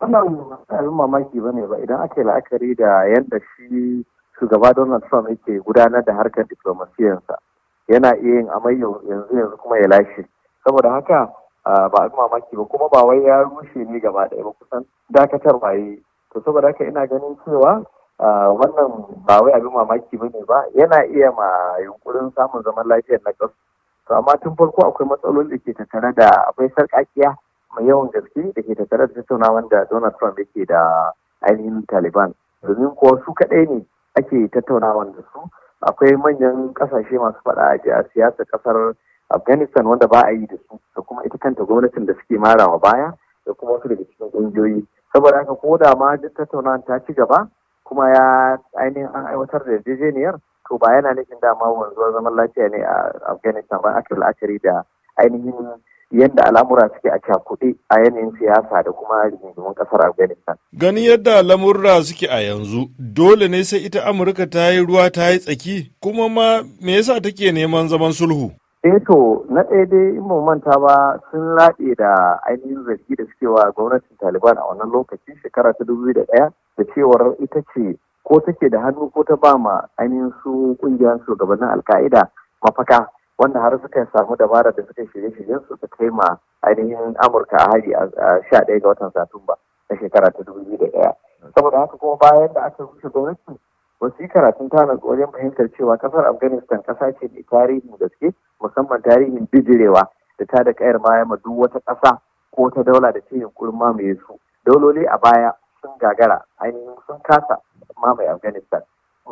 wannan abin mamaki ne ba idan aka la'akari da yadda shi shugaba donald trump yake gudanar da harkar diplomasiyansa yana iya yin amai yanzu yanzu kuma ya lashe saboda haka ba abin mamaki ba kuma ba wai ya rushe ne gaba ɗaya ba kusan dakatar yi to saboda haka ina ganin cewa wannan ba wai abin mamaki ba ne ba yana iya ma yunkurin samun zaman lafiyar na ƙasa to amma tun farko akwai matsaloli da ke tattare da akwai sarƙaƙiya mai yawan gaske da ke tattare da tattaunawa da Donald Trump yake da ainihin Taliban. Domin kuwa su kaɗai ne ake tattaunawa da su. Akwai manyan ƙasashe masu faɗa a siyasa ƙasar Afghanistan wanda ba a yi da su da kuma ita kanta gwamnatin da suke marawa baya da kuma wasu daga cikin ƙungiyoyi. Saboda haka ko da ma tattaunawa ta ci gaba kuma ya ainihin an aiwatar da yarjejeniyar to ba yana nufin dama wanzuwar zaman lafiya ne a Afghanistan ba aka la'akari da ainihin yadda al'amura suke a cakuɗe a yanayin siyasa da kuma rigingimin ƙasar afghanistan ganin yadda lamurra suke a yanzu dole ne sai ita amurka ta yi ruwa ta yi tsaki kuma ma me yasa take neman zaman sulhu eh na ɗaya dai in mu manta ba sun laɗe da ainihin zargi da suke wa gwamnatin taliban a wannan lokacin shekara ta dubu da ɗaya da cewar ita ce ko take da hannu ko ta ba ma ainihin su ƙungiyar shugabannin alka'ida mafaka wanda har suka samu dabarar da suka shirye-shiryen su su kai ma ainihin amurka a hari a sha ɗaya ga watan satumba na shekara ta dubu biyu da ɗaya saboda haka kuma bayan da aka rushe gwamnati wasu yi karatun tana wajen fahimtar cewa kasar afghanistan kasa ce mai tarihin gaske musamman tarihin bijirewa da ta da kayar baya ma duk wata ƙasa ko ta daula da ce yunkurin mamaye su dauloli a baya sun gagara ainihin sun kasa mamaye afghanistan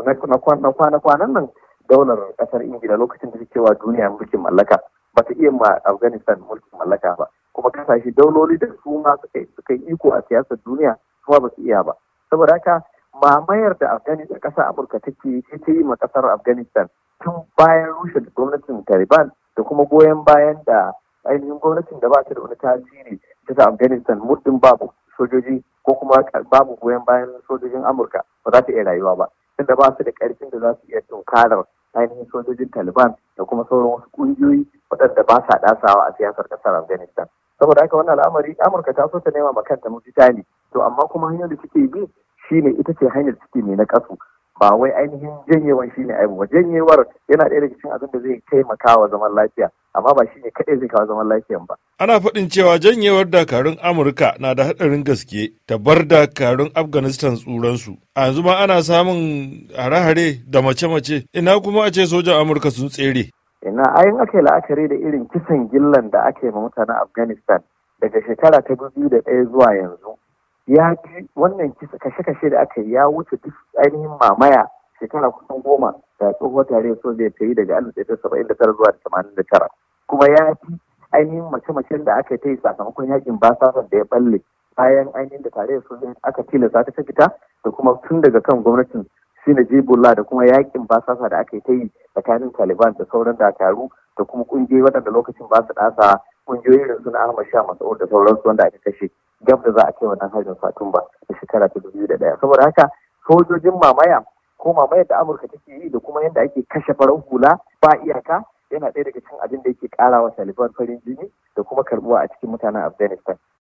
na kwanan nan daular kasar ingila lokacin da cewa duniya mulkin mallaka ba ta iya ma afghanistan mulkin mallaka ba kuma kasashe dauloli da su ma suka yi iko a siyasar duniya kuma ba su iya ba saboda haka mamayar da afghanistan kasar amurka take ta yi ma kasar afghanistan tun bayan rushe da gwamnatin taliban da kuma goyon bayan da ainihin gwamnatin da ba ta da wani tasiri ta afghanistan muddin babu sojoji ko kuma babu goyon bayan sojojin amurka ba za ta iya rayuwa ba tunda ba su da karfin da za su iya tunkarar ainihin sojojin taliban da kuma sauran wasu ƙungiyoyi waɗanda ba sa ɗasawa a siyasar ƙasar afghanistan saboda haka wannan al'amari amurka ta so ta nema ma kanta mafita ne to amma kuma hanyar da suke bi shi ne ita ce hanyar suke ne na ƙasu ba wai ainihin janyewar shi ne aibu ba janyewar yana ɗaya daga cikin abin da zai taimaka wa zaman lafiya amma ba shi ne kaɗai zai kawo zaman lafiyan ba. Ana faɗin cewa janyewar dakarun Amurka na da haɗarin gaske ta bar dakarun Afghanistan tsuransu. A yanzu ma ana samun hare-hare da mace-mace ina kuma a ce sojan Amurka sun tsere. Ina ayin aka yi la'akari da irin kisan gillan da ake ma mutanen Afghanistan daga shekara ta dubu da ɗaya zuwa yanzu. Ya fi wannan kisa kashe-kashe da aka yi ya wuce duk ainihin mamaya shekara kusan goma da tsohuwar tare soja ta yi daga 1979 saba'in da zuwa tamanin da tara. kuma ya fi ainihin mace-macen da aka yi sakamakon yakin basasar da ya balle bayan ainihin da tare sun aka tilasta ta fita da kuma tun daga kan gwamnatin shine jibulla da kuma yakin basasa da aka yi tsakanin taliban da sauran da taru da kuma kungiyoyi waɗanda lokacin ba su ɗasa kungiyoyin da suna ahmad sha masu da sauransu wanda aka kashe gab da za a kai wannan hajjin ba da shekara ta dubu da ɗaya saboda haka sojojin mamaya ko mamayar da amurka take yi da kuma yadda ake kashe farar hula ba iyaka yana ɗaya daga cikin abin da yake ƙara wa taliban farin jini da kuma karɓuwa a cikin mutanen afghanistan